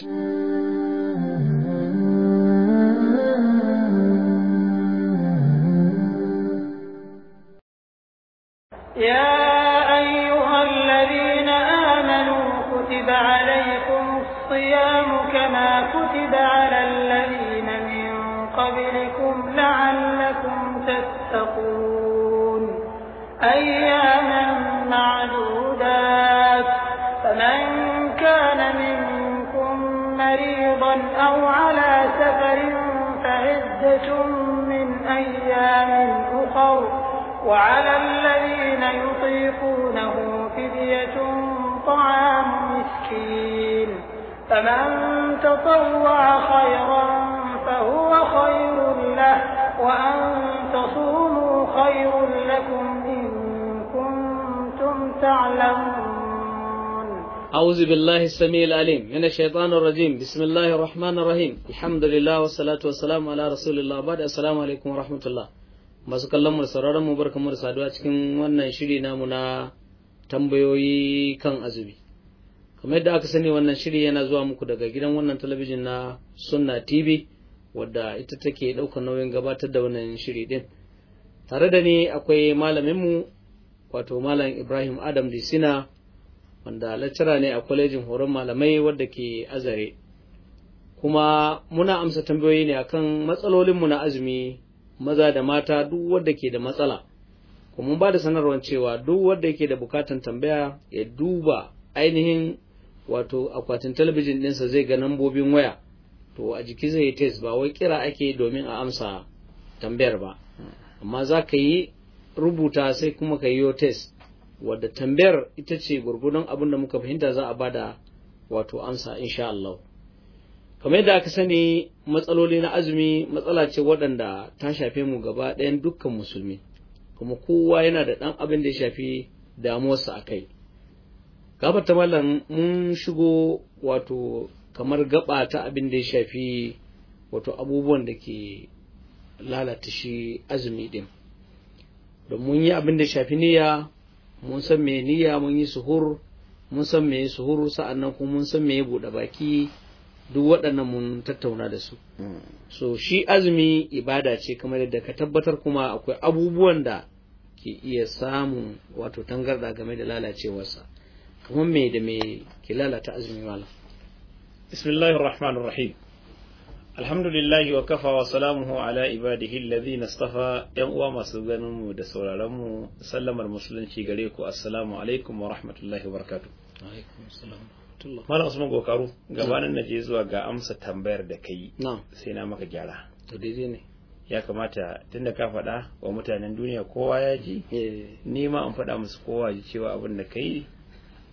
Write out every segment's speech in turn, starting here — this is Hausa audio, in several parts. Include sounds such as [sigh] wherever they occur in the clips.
Christ. تطوع خيرا فهو خير له وأن تصوموا خير لكم إن كنتم تعلمون أعوذ بالله السميع العليم من الشيطان الرجيم بسم الله الرحمن الرحيم الحمد لله والصلاة والسلام على رسول الله بعد السلام عليكم ورحمة الله ما سك الله sauraron mu barkamu da saduwa cikin wannan shiri namu na tambayoyi kamar yadda aka sani wannan shiri yana zuwa muku daga gidan wannan talabijin na sunna tv wadda ita take ɗaukar nauyin gabatar da wannan shiri din. tare da ni akwai malaminmu wato malam ibrahim adam disina wanda lecturer ne a kwalejin horon malamai wadda ke azare kuma muna amsa tambayoyi ne akan matsalolinmu na azumi maza da mata duk wadda ke da matsala kuma mun ba da sanarwar cewa duk wadda yake da bukatan tambaya ya duba ainihin wato akwatin talabijin ɗinsa zai ga nambobin waya to a jiki zai yi test ba wai kira ake domin a amsa tambayar ba amma za ka yi rubuta sai kuma ka yi test wadda tambayar ita ce gurgudun abin da muka fahimta za a bada wato amsa insha Allah kamar yadda aka sani matsaloli na azumi matsala ce waɗanda ta shafe mu gaba ɗayan dukkan musulmi kuma kowa yana da ɗan abin da ya shafi damuwarsa a kai gabar ta mallam mun shigo wato kamar gaba ta abin da ya shafi wato abubuwan da ke lalata shi azumi din don mun yi abin da ya shafi niyya mun san me niyya mun yi suhur mun san me suhur sa'annan kuma mun san me bude baki duk waɗannan mun tattauna da su so shi azumi ibada ce kamar yadda ka tabbatar kuma akwai abubuwan da ke iya samun wato tangarda game da lalacewarsa kuma me da me ke lalata azumi malam bismillahir rahmanir rahim alhamdulillahi wa kafa wa salamuhu ala ibadihi alladhina nastafa yan uwa masu ganin mu da sauraron mu sallamar musulunci gare ku assalamu alaikum wa rahmatullahi wa barakatuh alaikum assalam malam usman gokaru gabanin naje zuwa ga amsa tambayar da kai sai na maka gyara to daidai ne ya kamata tunda ka faɗa wa mutanen duniya kowa ya ji eh. ni ma an faɗa musu kowa ji cewa abin da kai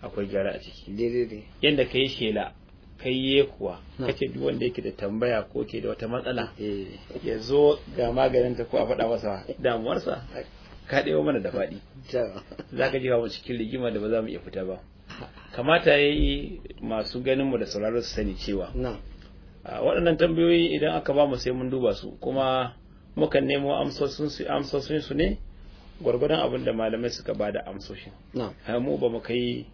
akwai gyara a ciki yadda ka yi shela ka yi kuwa ka ce duk wanda yake da tambaya ko ke da wata matsala eh. ya zo ga maganin ta ko a faɗa masa damuwarsa ka ɗewa mana da faɗi za ka ji mu cikin rigima da ba za mu iya fita ba kamata ya yi masu ganinmu da sauraron su sani cewa waɗannan tambayoyi idan aka ba mu sai mun duba su kuma mukan nemo amsoshin su ne gwargwadon abin da malamai suka ba da amsoshin mu ba mu kai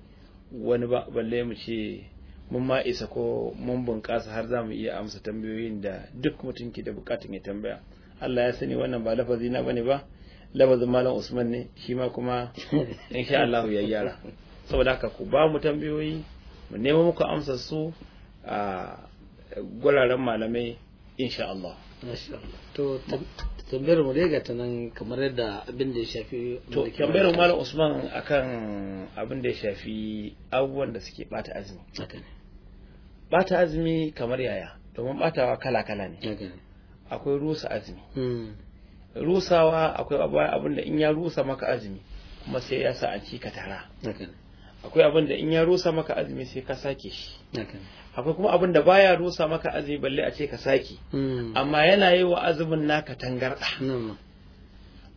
wani ba balle mu ce mun ma isa ko mun bunƙasa har za mu iya amsa tambayoyin da duk mutum ke da bukatun ya tambaya Allah ya sani wannan ba lafazi na bane ba lafazin malam Usman ne shi ma kuma [laughs] insha Allah ya gyara saboda haka ku ba mu tambayoyi mu nemo muku amsa su a guraren malamai insha Allah to tambayar mu dai gata nan kamar yadda abin da ya shafi to tambayar mu malam Usman akan abin da ya shafi abubuwan da suke bata azumi bata azumi kamar yaya domin batawa kala kala ne akwai rusa azumi hmm. rusawa akwai abin da in ya rusa maka azumi kuma sai ya sa a ci ka tara akwai abin da in ya rusa maka azumi sai ka sake shi akwai kuma abin da baya rusa maka azumi balle a ce ka sake hmm. amma yana yi wa azumin naka tangarɗa hmm.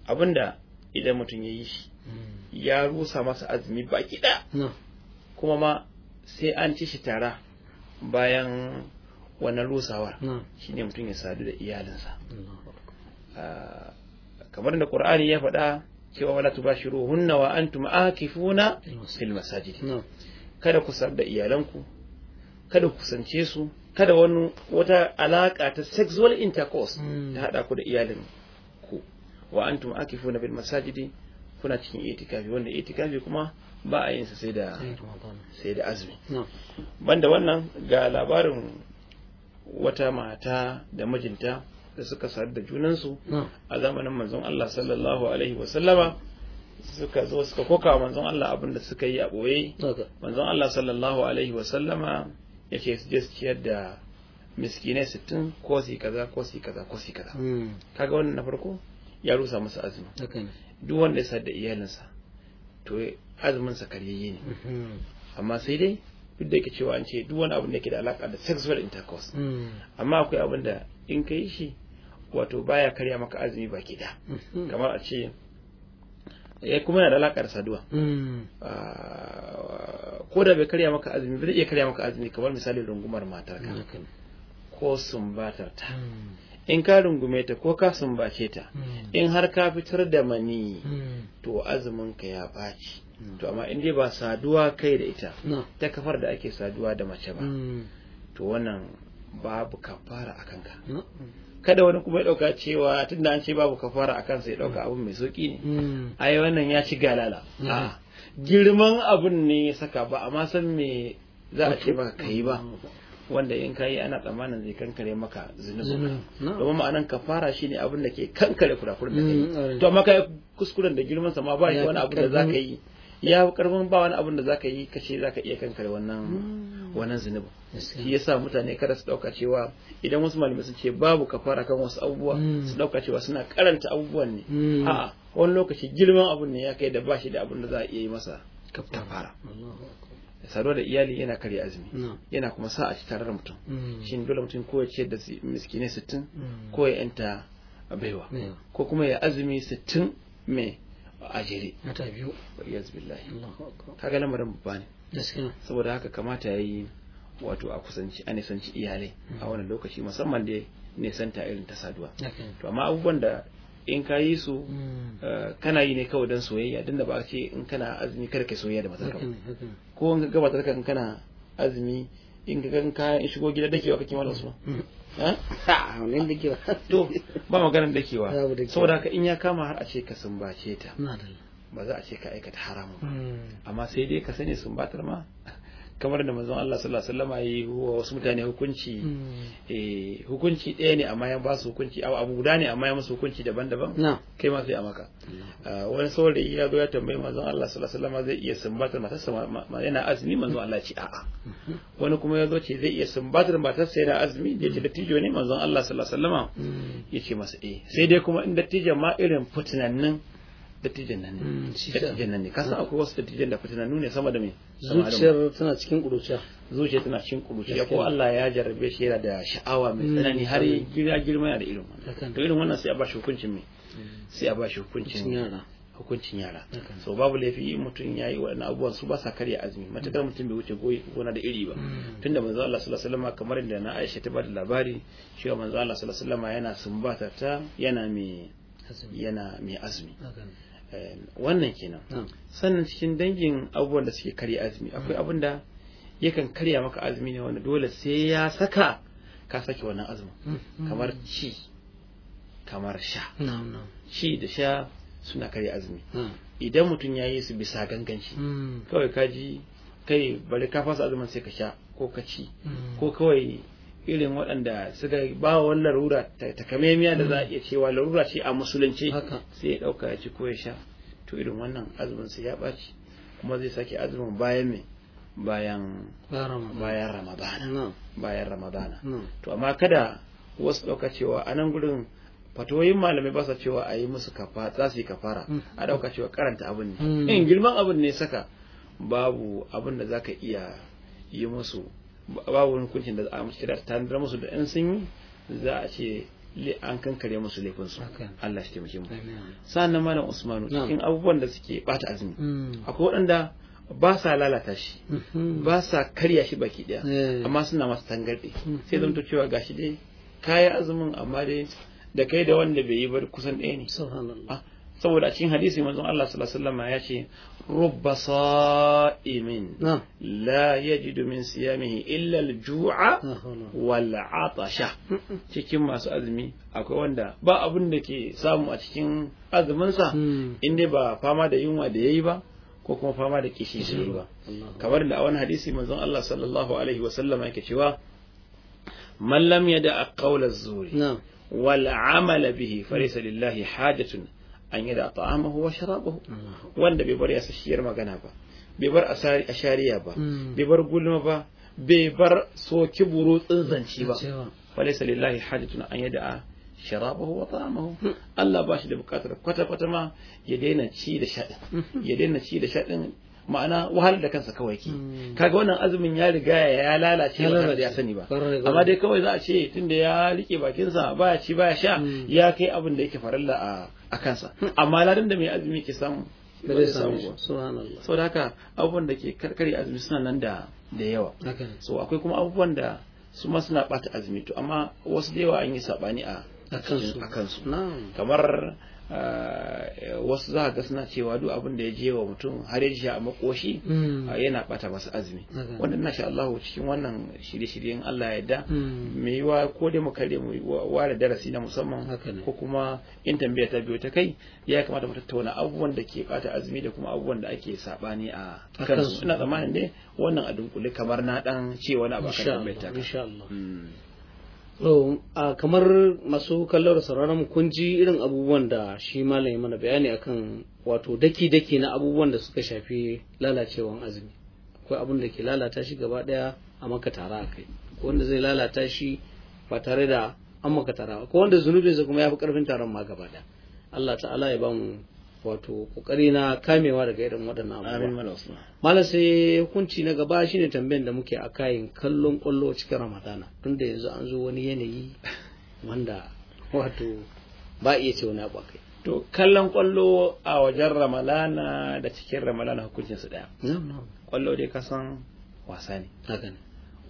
abin da idan mutum ya yi shi hmm. ya rusa masa azumi baki ɗaya kuma ma sai an ci shi tara bayan wannan rusawar ne mutum ya sadu da iyalinsa ah, kamar da ƙur'ani ya faɗa cewa wala tubashiruhunna wa antum akifuna fil masajid kada ku sabda iyalanku kada ku kusance su kada wani wata alaka ta sexual intercourse ta hmm. hada ku da iyalin ku wa antum akifuna bil masajidi kuna cikin itikafi wanda itikafi kuma ba a yin sa sai da sai da azumi banda wannan ga labarin wata mata da mijinta da suka sadu da junansu a zamanin manzon Allah sallallahu alaihi wasallama suka zo suka koka manzon Allah abin da suka yi a ɓoye manzon Allah sallallahu alaihi wasallama ya ce su je su ciyar da miskinai sittin ko su kaza ko su kaza ko su kaza hmm. kaga wannan na farko ya rusa masa azumi duk wanda ya sadu da iyalinsa to azumin sa karyayye ne hmm. amma sai dai duk da yake cewa an ce duk wani abu da yake da alaka da sexual intercourse hmm. amma akwai abin da in ka yi shi wato baya karya maka azumi baki da mm-hmm. kamar a ce ya eh, kuma yana da alakar saduwa mm. ah, ko da bai karya maka azumi bai iya karya maka azumi kamar misali rungumar matar ka ko sumbatar ta mm. in ka rungume ta ko ka sumbace ta mm. in har ka fitar da mani to azumin ka ya baci to amma in dai ba saduwa kai da ita ta kafar da ake saduwa da mace ba to wannan babu kafara akan ka kada wani kuma ya dauka cewa da an ce babu kafara a kansa ya ɗauka abun mai sauki ne hmm. ai wannan ya ci galala hmm. girman abin ne ya saka ba amma san me za a ce baka kai ba hmm. wanda in kayi ana tsammanin zai kankare maka zunubin domin ma'anan kafara shine abin da ke kankare kurakuren da kai to amma kai kuskuren da girman sa ma ba wani abu da za ka yi ya fi karfin ba wani abin da za ka yi za ka iya kankare wannan wannan zunubin shi sa mutane kada su dauka cewa idan wasu malamai sun ce babu kafara kan wasu abubuwa hmm. su dauka cewa suna karanta abubuwan ne hmm. a'a wani lokaci girman abun ne ya kai da bashi da abin da za a iya yi masa kafara saduwa da iyali yana karya azumi yana kuma sa a ci tare da mutum hmm. shi dole mutum ko ya ce da miskinai sittin ko ya yanta baiwa ko kuma ya azumi sittin mai a jere biyu yes billahi kaga lamarin babba ne gaskiya saboda haka kamata yayi wato a kusanci a nisanci iyalai a hmm. wannan lokaci musamman da nisanta irin ta saduwa to amma abubuwan da in ka yi su hmm. eh, kana yi ne kawai don soyayya dinda da ba ce in kana azumi kada ka soyayya da matarka ko in ka gaba kana azumi in ga kan kayan shigo gida dakewa kake malam su [laughs] to ba maganar dakewa saboda haka in ya kama har a ce ka sumbace ta ba za a ce ka aikata haramu ba hmm. amma sai dai ka sani sumbatar ma kamar da manzon Allah sallallahu alaihi wasallam yi wa wasu mutane hukunci hmm. eh hukunci ɗaya ne amma ya ba su hukunci abu guda ne amma ya musu hukunci daban-daban kai ma sai a maka hmm. ah, wani saurayi ya zo ya tambayi manzon Allah sallallahu alaihi wasallam zai iya sumbatar matarsa ma yana azumi manzon Allah ce a'a [laughs] wani kuma ya zo ce zai iya sumbatar matarsa yana azumi da ce dattijo ne manzon Allah sallallahu alaihi wasallam hmm. yace masa eh sai dai kuma in dattijo ma irin fitinannin dattijan nan ne hmm, dattijan nan ne ka san akwai wasu dattijan da fitina nune sama da me zuciyar tana cikin kuruciya Zuciyar tana cikin kuruciya ko Allah ya jarrabe shi yana da sha'awa mai hmm, tsanani har ya girma yana da irin wannan to irin wannan sai a ba shi hukuncin me sai a ba shi hukuncin yara hukuncin yara so babu laifi mutum ya yi waɗannan abubuwan su ba sa karya azumi matakar hmm. mutum bai wuce gona da iri ba tunda manzo Allah sallallahu alaihi wasallam kamar inda na Aisha ta bada labari cewa manzo Allah sallallahu alaihi wasallam yana sumbatar ta yana mai yana mai azumi Eh, wannan kenan sannan cikin dangin abubuwan da suke karya azumi akwai mm. abin da yakan karya maka azumi ne wanda dole sai ya saka ka sake wannan azumin mm, mm. kamar ci kamar sha ci da sha suna karya azumi idan mutum ya yi su bisa ganganci kawai kaji kai bari ka fasa azumin sai ka sha ko ka ci ko kawai irin waɗanda suka ba wannan larura takamemiya da za a iya cewa larura ce a musulunci sai ya ɗauka ya ci ko ya sha to irin wannan azumin sai ya ɓaci kuma zai sake azumin bayan mai bayan bayan ramadana bayan ramadana to amma kada wasu ɗauka cewa a nan gudun fatoyin malamai ba sa cewa a yi musu kafa za su yi kafara mm. a ɗauka cewa karanta abin ne mm. in girman abin ne saka babu abin da za ka iya yi musu babu wani hukuncin da a mace ta da musu da in sun yi za a ce an kankare musu laifin su Allah shi taimake mu sannan malam Usmanu cikin abubuwan da suke bata azumi mm. akwai waɗanda ba sa lalata shi mm-hmm. ba sa karya shi baki ɗaya. Eh. amma suna masu tangarɗe mm-hmm. sai zanto cewa gashi dai kayan azumin amma dai da kai da wanda bai yi ba kusan ɗaya ne saboda a cikin hadisi manzon Allah sallallahu alaihi wasallam ya ce rubba sa'imin la yajidu min siyamihi illa al-ju'a wal 'atasha cikin masu azumi akwai wanda ba abin da ke samu a cikin azumin sa hmm. inda ba fama da yunwa da yayi ba ko kuma fama da kishi shi ba kamar da a wani hadisi manzon Allah sallallahu alaihi wasallam yake cewa man lam yada qawla az-zuri wal 'amala bihi fa laysa lillahi hajatun an yi da ta'amahu wa sharabahu mm. wanda bai bar yasashiyar magana ba bai bar ashariya ba mm. bai bar gulma ba bai bar soki buru tsinzanci ba walaysa lillahi hajatun an yi yada'a sharabahu wa ta'amahu mm. Allah ba shi da bukatar kwata kwata ma ya daina ci da shaɗin mm-hmm. ya daina ci da shaɗin ma'ana wahalar da kansa kawai ki kaga wannan azumin ya riga ya lalace ba da ya sani ba amma dai kawai za a ce tunda ya rike bakinsa ya ci ba ya sha ya kai abin da yake farilla a a kansa hmm, amma ladan da mai azumi ke samu ba zai samu ba subhanallah saboda haka abubuwan da ke karkare azumi suna nan da da yawa so akwai kuma abubuwan da su ma suna bata azumi to amma wasu da yawa an yi sabani a a kansu kamar Eh, wasu za ga suna cewa duk abin da ya je wa mutum har ya a makoshi hmm. eh, yana bata masu azumi wannan na sha Allah cikin wannan shirye-shiryen Allah ya da me hmm. yiwa ko dai mu kare mu ware darasi na musamman ko kuma in tambaya ta biyo ta kai ya kamata mu tattauna abubuwan da ke bata azumi da kuma abubuwan da ake sabani a kansu ina tsammanin ne wannan a dunkule kamar na dan cewa na abu tambaya ta insha Allah hmm. a kamar masu kallar sauraron kun ji irin abubuwan da shi malami mana bayani akan wato daki-daki na abubuwan da suka shafi lalacewan azumi akwai abin da ke lalata shi gaba daya a maka tara kai ko wanda zai lalata shi ba tare da an maka tara ko wanda zunubinsa kuma ya fi karfin taron ma gaba daya Allah ta'ala ya ba mu wato kokari na kamewa daga irin waɗannan abubuwa malam sai hukunci na gaba shine tambayan da muke a kayan kallon kwallo cikin ramadana tunda yanzu an zo wani yanayi wanda wato ba iya ce wani abu kai to kallon kwallo a wajen Ramadana da cikin ramadana hukuncin su daya kwallo dai ka san wasa ne haka ne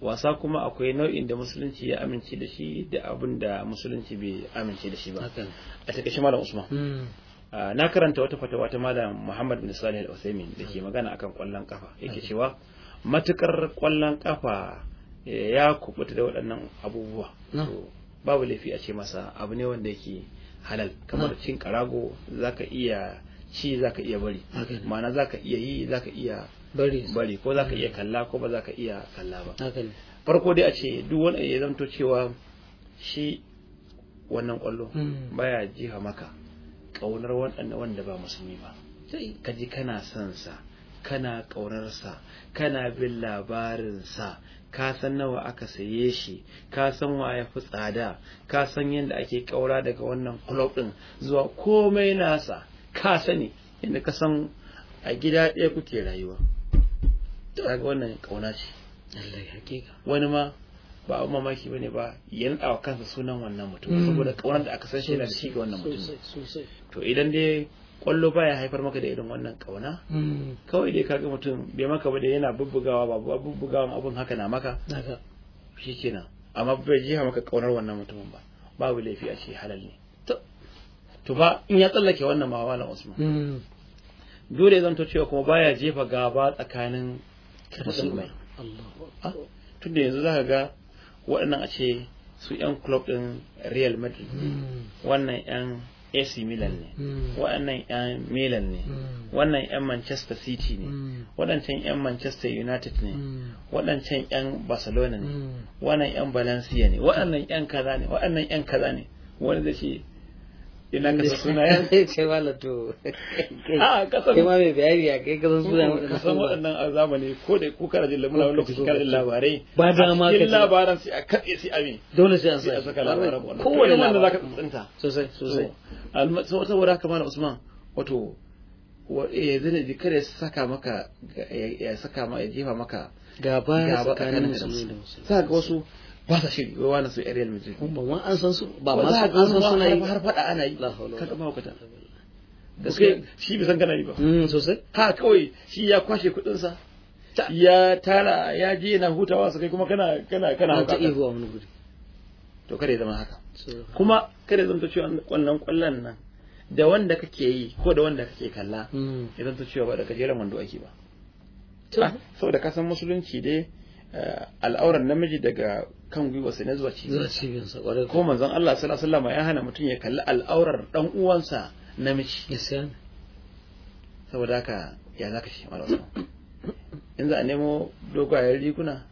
wasa kuma akwai nau'in da musulunci ya amince da shi da abin da musulunci bai amince da shi ba a takaice malam usman hmm. Ah, na karanta wata fatawa ta malam Muhammad bin Salih Al-Uthaymeen da ke magana akan kwallon kafa yake cewa matukar kwallon kafa eh, ya kubuta da waɗannan abubuwa babu laifi a ce masa abu ne wanda yake halal kamar cin karago zaka iya ci zaka iya bari ma'ana zaka iya yi zaka iya bari ko zaka iya mm. kalla ko ba zaka iya kalla ba farko dai a ce duk wani ya zanto cewa shi wannan kwallo mm. baya jiha maka Kaunar wanda ba musulmi ba kaji kana son sa kana kaunarsa kana bin labarinsa ka san nawa aka saye shi ka san wa ya fi tsada ka san yadda ake kaura daga wannan club din zuwa komai nasa ka sani yadda ka san a gida ɗaya kuke rayuwa daga wannan ƙauna ce wani ma ba abu mamaki ne ba yana kansa sunan wannan mutum mm. saboda ƙaunar da aka san shi yana da shi ga wannan mutum to idan dai kwallo baya haifar maka da irin wannan kauna hmm. kawai dai kaga mutum bai maka ba da yana bubbugawa ba bubbugawa abun haka na maka shikenan amma bai jiha maka kaunar wannan mutumin ba babu laifi a ce halal ne to ba in ya tsallake wannan ma usman hmm. dole zan to cewa kuma baya jefa gaba tsakanin musulmai ah, tunda yanzu zaka ga waɗannan a ce su yan club ɗin Real Madrid hmm. wannan yan AC Milan ne hmm. waɗannan 'yan Milan ne hmm. wannan 'yan Manchester City ne hmm. waɗancan 'yan Manchester United ne waɗancan 'yan Barcelona ne wannan 'yan Valencia ne waɗannan 'yan kaza ne waɗannan 'yan kaza ne wani zai ce ina ka suna ya ce wala to a kasan mai bayani a kai suna waɗannan a zamani ko da ku jin lamuna wani lokaci kana jin labarai ba da ma ka labaran sai a sai dole sai an saka labaran tsinta sosai sosai saboda haka malam Usman wato eh, ya zane ji saka maka ya saka ma ya jefa maka gaba tsakanin musulmi da musulmi wasu ba sa shiri wai wani su Real Madrid kuma ma an san su ba ma an san suna yi har fada ana yi kaga ba hukata gaske shi bai san kana yi ba mm, sosai ha kawai shi ya kwashe kudin sa ya tara ya je yana hutawa su kai kuma kana kana kana haka ta ihuwa wani gudu to kada ya zama haka kuma kada ya zama cewa kwallon kwallon nan da wanda kake yi ko da wanda kake kalla mm. ya zama cewa ba da gajeren wando ake ba ah, saboda kasan musulunci dai eh, al'auran namiji daga kan sai na zuwa cibiyarsa ko manzon Allah sallallahu alaihi wasallam ya hana mutum ya kalli al'aurar dan uwansa namiji gaskiya saboda haka ya zaka shi mara In za a nemo dogayen riguna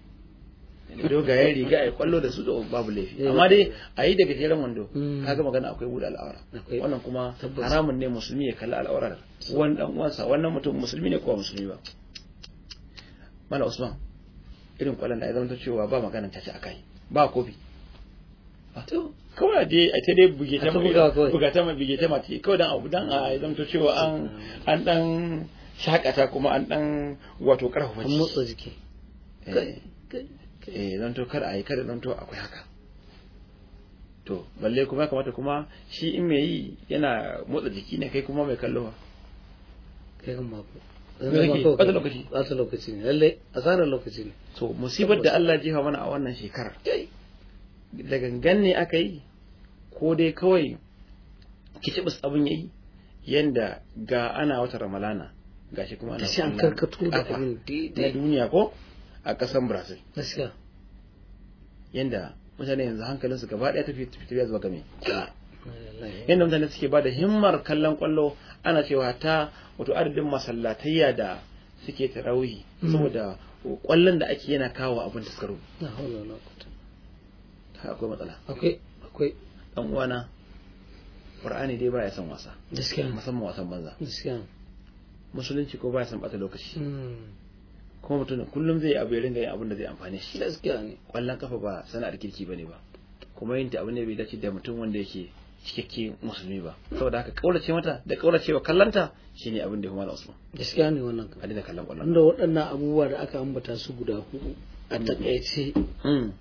dogayen riga a kwallo da su babu laifi amma dai a yi daga jeren wando kaga hmm. magana akwai buɗe al'aura wannan kuma haramun ne musulmi ya kalli al'aurar wani dan uwansa wannan mutum musulmi ne ko musulmi ba mala usman irin kwallon da ya zama cewa ba maganan ta ci kai ba kofi to kawai da a ta dai buge ta buga ta buge ta kawai don abu don a zama cewa an dan shakata kuma an dan wato karfafa jiki motsa jiki eh, eh zan to kar a yi kar zan to akwai haka to balle kuma ya kamata kuma shi in mai yi yana motsa jiki ne kai kuma mai kallo kai kan mako wata lokaci wata lokaci ne lalle asarar lokaci ne So, musibar da Allah jefa mana a wannan shekarar da gangan ne aka yi ko dai kawai kicibis abin yayi yanda ga ana wata ramalana shi kuma ana an karkato da abin na duniya ko a kasan Brazil yanda mutane yanzu hankalinsu gaba ɗaya tafi tafiya zuwa game Yanda mutane suke ba da himmar kallon kwallo ana cewa ta wato adadin masallatayya da suke tarawihi hmm. saboda kwallon da ake yana kawo abin taskaro akwai matsala akwai akwai dan uwana qur'ani dai baya son wasa gaskiya musamman wasan banza gaskiya musulunci ko baya son bata lokaci hmm. kuma mutum kullum zai abu ya ringa yin abin da zai amfane shi gaskiya ne kwallon kafa ba sana'ar kirki bane ba kuma yin ta abu ne bai dace da mutum wanda yake cikakke musulmi ba saboda haka kaulace mata da ce wa kallanta shine abin da ya mana Usman gaskiya ne wannan a da kallon kwallon da waɗannan abubuwa da aka ambata su guda hudu a takaice hmm.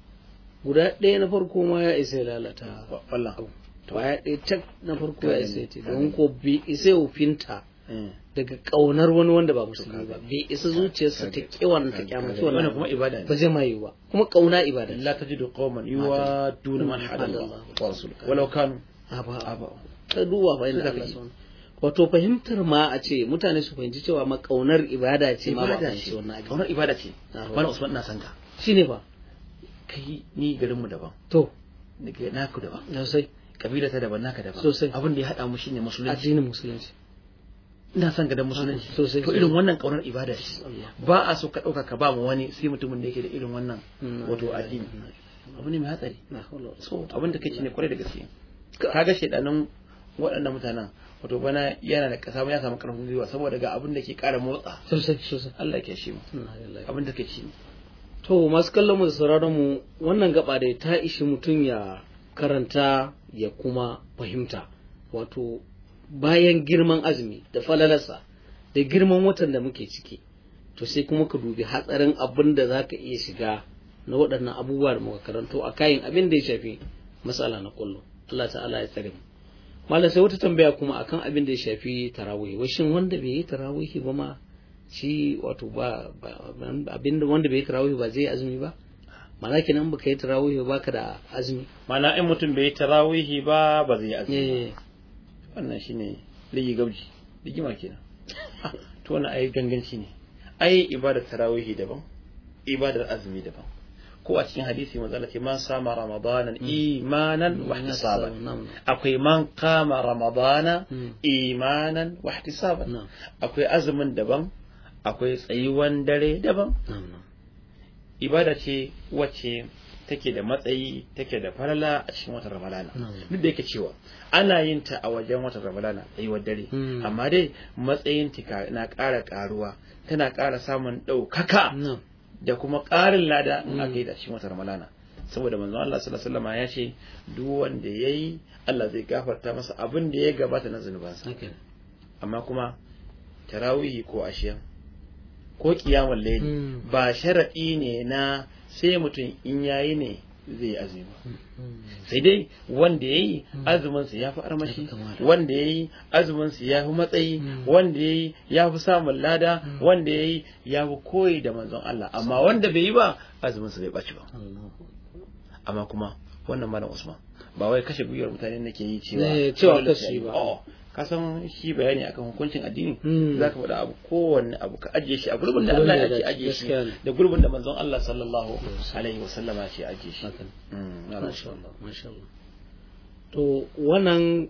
guda ɗaya na farko ma ya isa lalata kwallon abu ya ɗaya tak na farko ya isa ce don ko bi isa finta hmm. daga kaunar wani wanda ba musulmi ba bi isa zuciyarsa ta kiwan ta kyamata. wannan kuma ibada ba zai mai ba kuma kauna ibada la tajidu qauman yuwa duna man hadalla wa rasul walau kanu aba aba ta duba fa Allah wato fahimtar ma a ce mutane su fahimci cewa ma ibada ce ma ba ce wannan kaunar ibada ce wani usman na san ka shine ba. kai ni garin mu daban to nake naku daban sosai kabila ta daban naka daban sosai abin da ya hada mu shine musulunci addinin musulunci ina sanga ga musulunci sosai to irin wannan kaunar ibada ce ba a so ka dauka ka ba mu wani sai mutumin da yake da irin wannan hmm. wato addini abu ne mai hatsari so abin da kake ne kwarai da gaske kaga shedanin waɗannan mutanen wato bana yana da kasa ya samu karfin gwiwa saboda ga abin da ke ƙara motsa sosai sosai Allah ke shi mu abin da ke shi to masu kallon mu da sauraron mu wannan gaba da ta ishi mutum ya karanta ya kuma fahimta wato bayan girman azumi da falalarsa da girman watan da muke ciki to sai kuma ka dubi hatsarin abin da za ka iya shiga na waɗannan abubuwa da muka karanto a kayan abin da ya shafi matsala na kullum Allah ta'ala ya tsare mu malam sai wata tambaya kuma akan abin da ya shafi tarawih shin wanda bai yi tarawih ba ma shi wato ba abin da wanda bai yi tarawih ba zai azumi ba mana kenan baka yi tarawih ba ka da azumi mana in mutum bai yi tarawih ba ba zai azumi eh. wannan shine ligi gauji ligima kenan [laughs] to wannan ai ganganci ne ai ibadar tarawih daban ibadar azumi daban ko a cikin hadisi manzo Allah ce man sama hmm. hmm. Hmm. ramadana imanan wa ihtisaban akwai man kama ramadana imanan wa ihtisaban akwai azumin daban akwai tsayuwan dare daban ibada ce wacce take da matsayi take da falala a cikin watan ramadana duk da yake cewa ana yin ta a wajen watan ramadana tsayuwar dare amma dai matsayin ta na ƙara ƙaruwa tana ƙara samun ɗaukaka da kuma ƙarin lada in mm. aka yi da cikin wata ramalana saboda manzon Allah sallallahu alaihi wasallam ya ce duk wanda yayi Allah zai gafarta masa abin da ya gabata na zunubansa amma kuma tarawihi ko ashiya ko kiyamul layli mm. ba sharadi ne na sai mutum in yayi ne zai yi azumi sai dai wanda ya yi azuminsa ya fi armashi wanda ya yi azuminsa ya fi matsayi wanda ya yi ya fi samun lada wanda ya yi ya fi koyi da manzon Allah amma wanda bai yi ba azuminsa bai ɓaci ba amma kuma wannan malam Usman ba wai kashe gwiwar mutane nake yi cewa eh, cewa kashe ba ka san shi bayani akan hukuncin addini hmm. za ka faɗa abu kowanne abu ka ajiye shi a gurbin da Allah ya ce ajiye shi da gurbin da manzon Allah sallallahu alaihi wa ya ce ajiye shi hmm, masha Allah masha Allah to wannan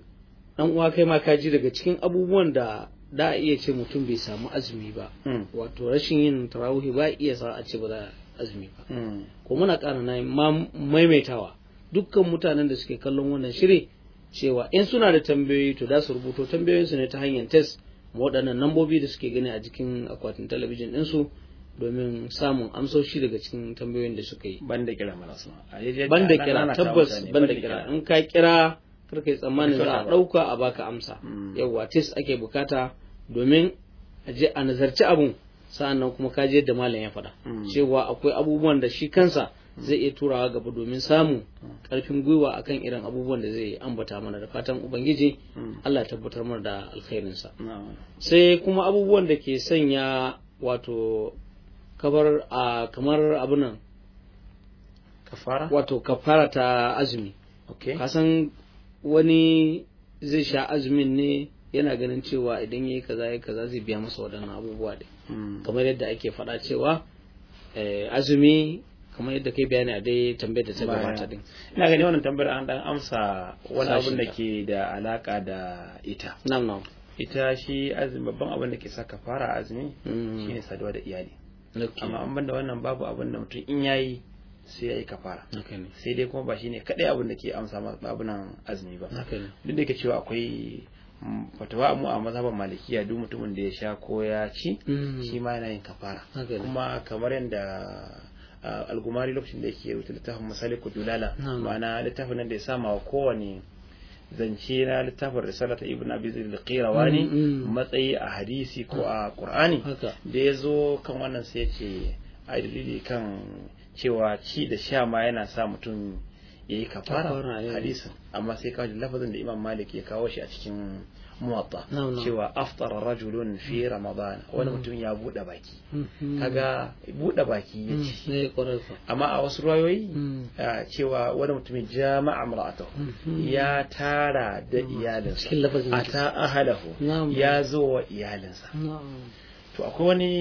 dan uwa kai ma ka ji daga cikin abubuwan da da iya ce mutum bai samu azumi ba hmm. wato rashin yin tarawih ba iya sa a ce ba za azumi ba ko muna ƙara na maimaitawa dukkan mutanen da suke kallon wannan shiri cewa in suna da tambayoyi to da su rubuto tambayoyinsu ne ta hanyar test waɗannan lambobi da suke gani a jikin akwatin talabijin ɗinsu domin samun amsoshi daga cikin tambayoyin da suka yi. Banda kira marasa. Banda kira tabbas banda kira in ka kira karka yi tsammanin za a ɗauka a baka amsa. Hmm. Yawwa test ake bukata domin a je a nazarci abun sa'an kuma ka je da malam ya faɗa. Hmm. Cewa akwai abubuwan da shi kansa zai iya turawa gaba domin samu karfin gwiwa akan irin abubuwan da zai ambata mana da fatan ubangiji Allah tabbatar mana da alkhairinsa sai kuma abubuwan da ke sanya wato kabar a kamar abin nan kafara wato kafara ta azumi okay. kasan wani zai sha azumin ne yana ganin cewa idan yayi kaza yayi kaza zai biya masa waɗannan abubuwa ne. Hmm. kamar yadda ake faɗa cewa eh, azumi kamar yadda kai bayani a dai tambayar da ta gabata din ina gani wannan tambayar an dan amsa wani abu da ke da alaka da ita na'am na'am ita shi azumi babban abin da ke saka fara azumi mm. shine saduwa da iyali amma an banda wannan babu abin da mutum in yayi sai yayi kafara sai dai kuma ba shine kadai abin da ke amsa ma babunan azumi ba duk da ke cewa akwai fatawa mu a mazhaban malikiya duk mutumin da ya sha ko ya ci mm. shi ma yana yin kafara kuma kamar yadda algumari lokacin da yake wuce littafin ku dulala ma'ana littafin nan da ya sama wa kowane zance na littafin risala ta ibn abi zil wani matsayi a hadisi ko a qur'ani da ya zo kan wannan sai ya ce a dalili kan cewa ci da sha ma yana sa mutum ya yi kafara hadisin amma sai kawo lafazin da imam malik ya kawo shi a cikin muwatta cewa aftar rajulun fi hmm. ramadan wani hmm. mutum ya bude baki hmm. kaga bude baki yace eh, amma a wasu rayoyi cewa wani mutum jama'a mar'atahu ya tara da iyalinsa ata ahalahu ya zo wa iyalinsa to akwai wani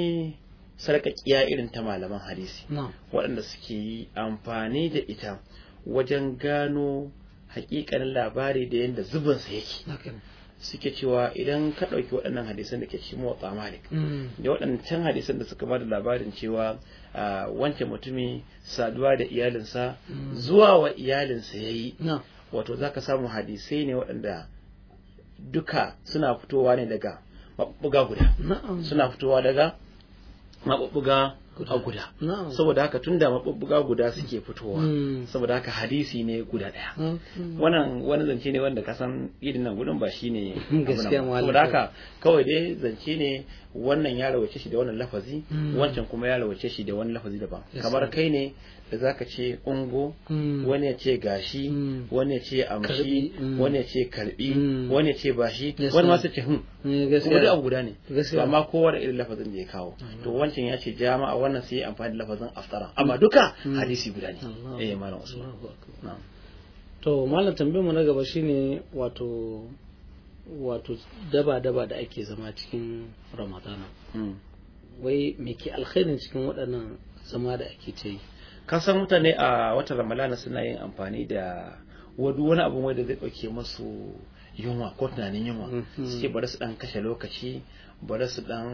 sarƙaƙiya irin ta malaman hadisi waɗanda suke yi amfani da ita wajen gano hakikanin labari da yadda zubinsa yake suke cewa idan ka ɗauki waɗannan hadisan da ke cikin motsa malik mm. da waɗancan hadisan da suka ba da labarin cewa wancan mutumin saduwa da iyalinsa mm. zuwa wa iyalinsa ya yi wato za ka samu hadisai ne waɗanda duka suna fitowa ne daga maɓuɓɓuga guda suna fitowa daga maɓuɓɓuga a guda saboda haka tun da mabubbuga guda suke fitowa hmm. saboda haka hadisi ne guda ɗaya. Hmm. Hmm. wannan wani zance ne wanda kasan irin nan gudun ba ne [laughs] saboda haka kawai dai zance ne wannan ya rawace shi da wannan lafazi wancan kuma ya rawace shi da wani lafazi daban kamar kai ne da zaka ce ungo wani ya ce gashi wani ya ce amshi wani ya ce karbi wani ya ce bashi wani ma su ce hun kuma da abu guda ne amma kowa da irin lafazin da ya kawo to wancan ya ce jama'a wannan sai amfani da lafazin aftara amma duka hmm. hadisi guda ne eh malam usman to malam tambayar mu na gaba shine wato wato daba daba da ake zama cikin ramadana hmm. wai me ke alkhairin cikin waɗannan zama da ake ta yi ka san mutane a watan ramadana suna yin amfani da wadu wani abu wanda zai ɗauke masu yunwa ko tunanin yunwa mm-hmm. sai bari su dan kashe lokaci bari su dan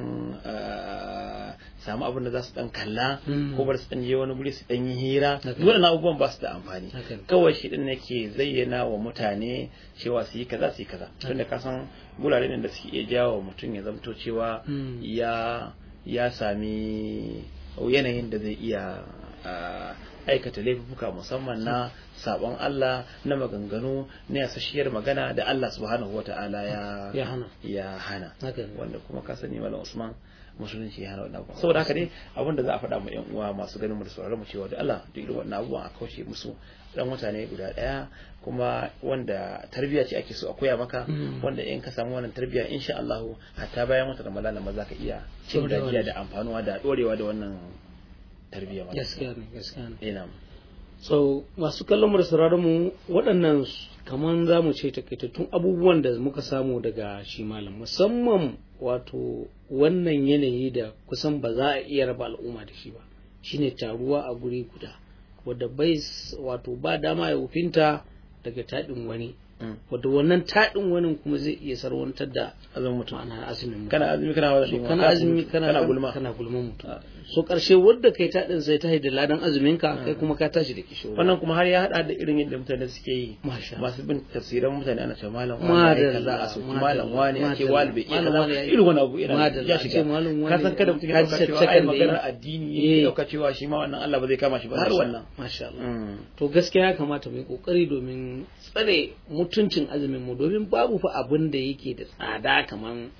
ah, samu abin da za su dan kalla mm-hmm. ko bari su dan je wani guri su dan yi hira dole na abubuwan ba su da amfani kawai shi din nake zayyana wa mutane cewa su yi kaza su yi kaza tunda ka san gurare ne da suke iya jawo mutum ya zamto cewa mm. ya ya sami yanayin da zai iya ah, aikata laifuka musamman na sabon Allah na maganganu na yasashiyar magana da Allah subhanahu wa ya ya hana ya hana wanda kuma ka sani malam Usman musulunci ya hana wannan abu saboda haka ne abin da za a faɗa ma yan uwa masu ganin mu da sauraron mu cewa da Allah duk irin wannan abubuwan a kauce musu dan mutane guda daya kuma wanda tarbiyya ce ake so a koya maka mm. wanda in ka samu wannan tarbiyya insha Allah hatta bayan wata Ramadan ma za ka iya cin da amfanuwa da dorewa da wannan tarbiyya ba gaskiya ne gaskiya ne ina eh, so masu kallon da sauraron mu waɗannan kamar za mu ce takaitattun abubuwan da muka samu daga shi malam musamman wato wannan yanayi da kusan ba za a iya raba al'umma da shi ba shine taruwa a guri guda wadda bai wato ba dama ya wufinta daga taɗin wani mm. wadda wannan taɗin wani kuma zai iya sarwantar da azumin mutum kana azumi kana wani kana azumi kana gulma kana gulma mutum ah. so karshe wadda kai ta din sai ta da ladan azumin ka ah. kai kuma ka tashi da kishiyo wannan kuma har ya hada da irin yadda mutane suke yi masu bin tafsiran mutane ana cewa malam wani ai kaza a su malam wani ake walbe ya kaza irin wani abu irin ya shiga ka san kada mutum ya dauka cewa ai maganar addini eh. ya dauka cewa shi ma wannan Allah ba zai kama shi ba har wannan masha Allah mm. to gaskiya ya kamata mu yi kokari domin tsare mutuncin azumin mu domin babu fa abin da yake da tsada kaman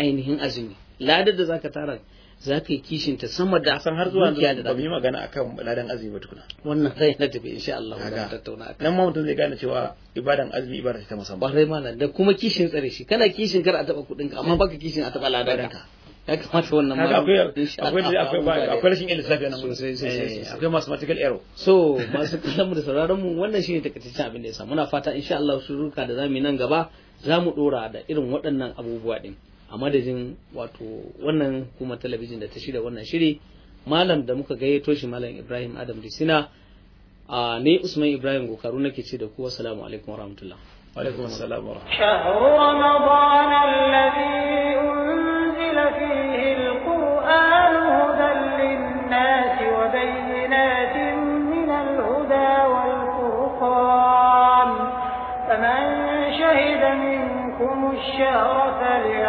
ainihin azumi ladar da zaka tara za ka yi kishin ta sama da san har zuwa da ba mu yi magana akan ladan azumi ba tukuna wannan sai na tafi insha Allah da tattauna akan nan ma mutum zai gane cewa ibadan azumi ibada ta musamman ma malam da kuma kishin tsare shi kana kishin kar a taba kuɗin ka amma baka kishin a taba ladan ka ya kamata wannan ma akwai akwai akwai rashin lissafi nan sosai eh, sosai akwai masu mathematical error so masu kallon mu da sauraron mu wannan shine takaitaccen abin da ya samu muna fata insha Allah suruka da zamu yi nan gaba zamu dora da irin waɗannan abubuwa din a madadin wato wannan hukumar talabijin da ta shirya wannan shiri malam da muka gayyato shi malam ibrahim adam disina a ne usman ibrahim gokaru nake ce da ku assalamu alaikum warahmatullah alaikum assalam wa rahmatullah